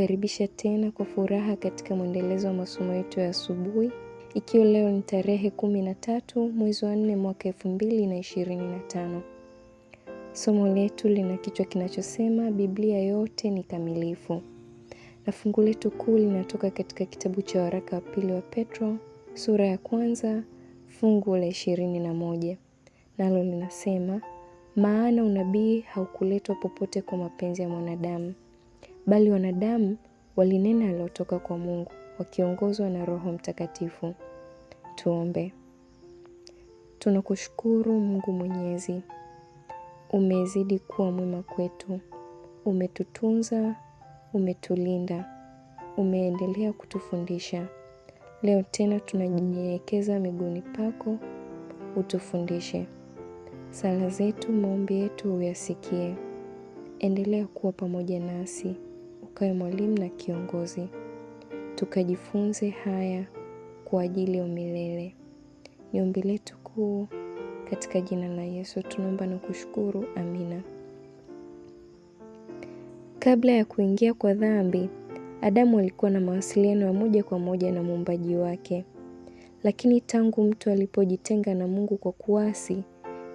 kukaribisha tena kwa furaha katika mwendelezo wa masomo yetu ya asubuhi, ikiwa leo ni tarehe 13 mwezi wa 4 mwaka 2025. na Somo letu lina kichwa kinachosema Biblia yote ni kamilifu, na fungu letu kuu linatoka katika kitabu cha waraka wa pili wa Petro sura ya kwanza fungu la ishirini na moja nalo linasema maana unabii haukuletwa popote kwa mapenzi ya mwanadamu bali wanadamu walinena aliotoka kwa Mungu wakiongozwa na Roho Mtakatifu. Tuombe. Tunakushukuru Mungu Mwenyezi, umezidi kuwa mwema kwetu, umetutunza, umetulinda, umeendelea kutufundisha. Leo tena tunajinyenyekeza miguuni pako, utufundishe. Sala zetu, maombi yetu uyasikie. Endelea kuwa pamoja nasi tukawe mwalimu na kiongozi, tukajifunze haya kwa ajili ya umilele. Ni ombi letu kuu katika jina la Yesu tunaomba na kushukuru, amina. Kabla ya kuingia kwa dhambi, Adamu alikuwa na mawasiliano ya moja kwa moja na muumbaji wake, lakini tangu mtu alipojitenga na Mungu kwa kuasi,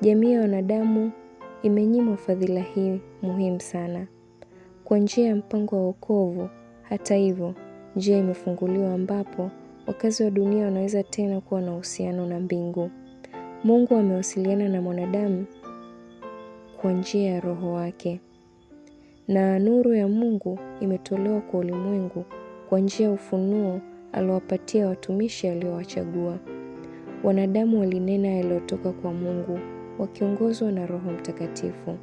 jamii ya wanadamu imenyimwa fadhila hii muhimu sana. Kwa njia ya mpango wa wokovu, hata hivyo, njia imefunguliwa ambapo wakazi wa dunia wanaweza tena kuwa na uhusiano na mbingu. Mungu amewasiliana na mwanadamu kwa njia ya Roho wake, na nuru ya Mungu imetolewa kwa ulimwengu kwa njia ya ufunuo aliowapatia watumishi aliowachagua. Wanadamu walinena yaliyotoka kwa Mungu wakiongozwa na Roho Mtakatifu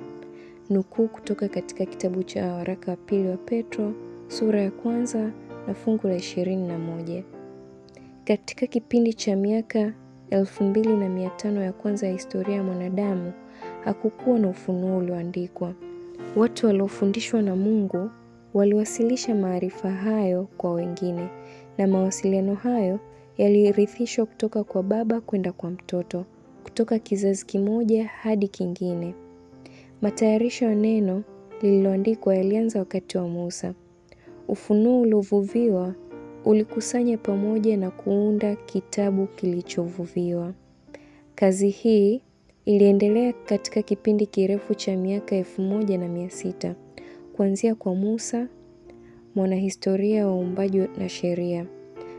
nukuu kutoka katika kitabu cha waraka wa pili wa Petro sura ya kwanza na fungu la ishirini na moja. Katika kipindi cha miaka elfu mbili na mia tano ya kwanza ya historia ya mwanadamu hakukuwa na ufunuo ulioandikwa. Watu waliofundishwa na Mungu waliwasilisha maarifa hayo kwa wengine, na mawasiliano hayo yalirithishwa kutoka kwa baba kwenda kwa mtoto, kutoka kizazi kimoja hadi kingine. Matayarisho ya neno lililoandikwa yalianza wakati wa Musa. Ufunuo uliovuviwa ulikusanya pamoja na kuunda kitabu kilichovuviwa. Kazi hii iliendelea katika kipindi kirefu cha miaka elfu moja na mia sita kuanzia kwa Musa, mwanahistoria wa uumbaji na sheria,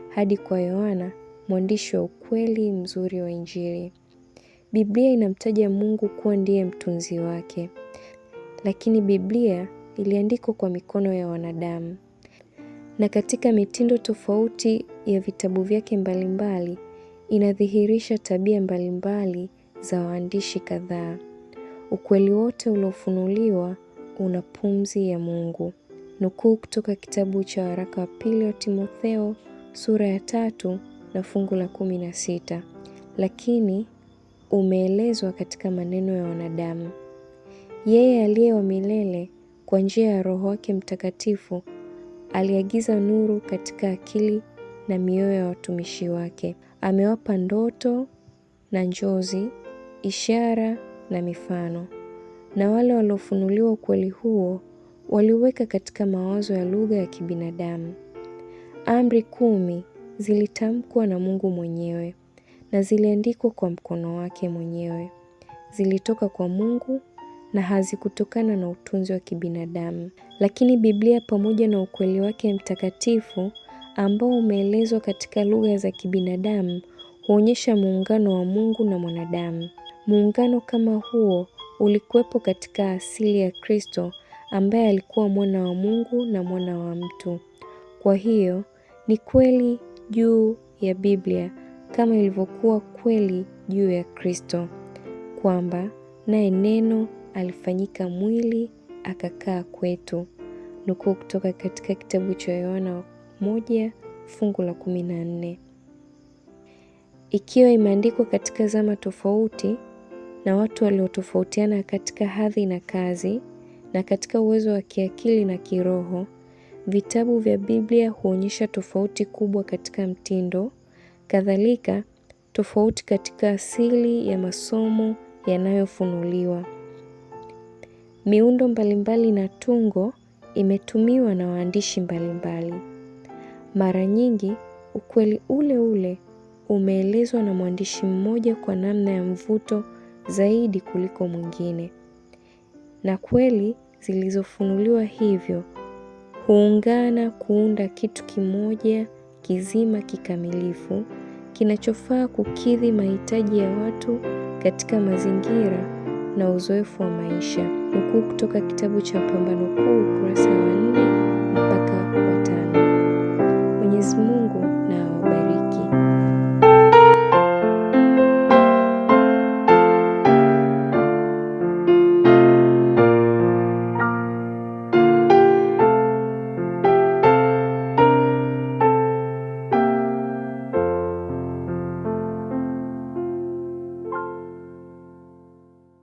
hadi kwa Yohana, mwandishi wa ukweli mzuri wa Injili. Biblia inamtaja Mungu kuwa ndiye mtunzi wake, lakini Biblia iliandikwa kwa mikono ya wanadamu na katika mitindo tofauti ya vitabu vyake mbalimbali inadhihirisha tabia mbalimbali za waandishi kadhaa. Ukweli wote uliofunuliwa una pumzi ya Mungu. Nukuu kutoka kitabu cha waraka wa pili wa Timotheo sura ya tatu na fungu la kumi na sita. Lakini umeelezwa katika maneno ya wanadamu. Yeye aliye wa milele kwa njia ya Roho wake Mtakatifu aliagiza nuru katika akili na mioyo ya watumishi wake. Amewapa ndoto na njozi, ishara na mifano, na wale waliofunuliwa ukweli huo waliweka katika mawazo ya lugha ya kibinadamu. Amri kumi zilitamkwa na Mungu mwenyewe na ziliandikwa kwa mkono wake mwenyewe. Zilitoka kwa Mungu na hazikutokana na utunzi wa kibinadamu. Lakini Biblia pamoja na ukweli wake mtakatifu ambao umeelezwa katika lugha za kibinadamu huonyesha muungano wa Mungu na mwanadamu. Muungano kama huo ulikuwepo katika asili ya Kristo ambaye alikuwa mwana wa Mungu na mwana wa mtu. Kwa hiyo, ni kweli juu ya Biblia kama ilivyokuwa kweli juu ya Kristo kwamba naye neno alifanyika mwili akakaa kwetu, nukuu kutoka katika kitabu cha Yohana moja fungu la kumi na nne. Ikiwa imeandikwa katika zama tofauti na watu waliotofautiana katika hadhi na kazi na katika uwezo wa kiakili na kiroho, vitabu vya Biblia huonyesha tofauti kubwa katika mtindo Kadhalika, tofauti katika asili ya masomo yanayofunuliwa. Miundo mbalimbali na tungo imetumiwa na waandishi mbalimbali. Mara nyingi ukweli ule ule umeelezwa na mwandishi mmoja kwa namna ya mvuto zaidi kuliko mwingine. Na kweli zilizofunuliwa hivyo huungana kuunda kitu kimoja kizima kikamilifu kinachofaa kukidhi mahitaji ya watu katika mazingira na uzoefu wa maisha. Nukuu kutoka kitabu cha Pambano Kuu ukurasa wa nne.